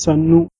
sannu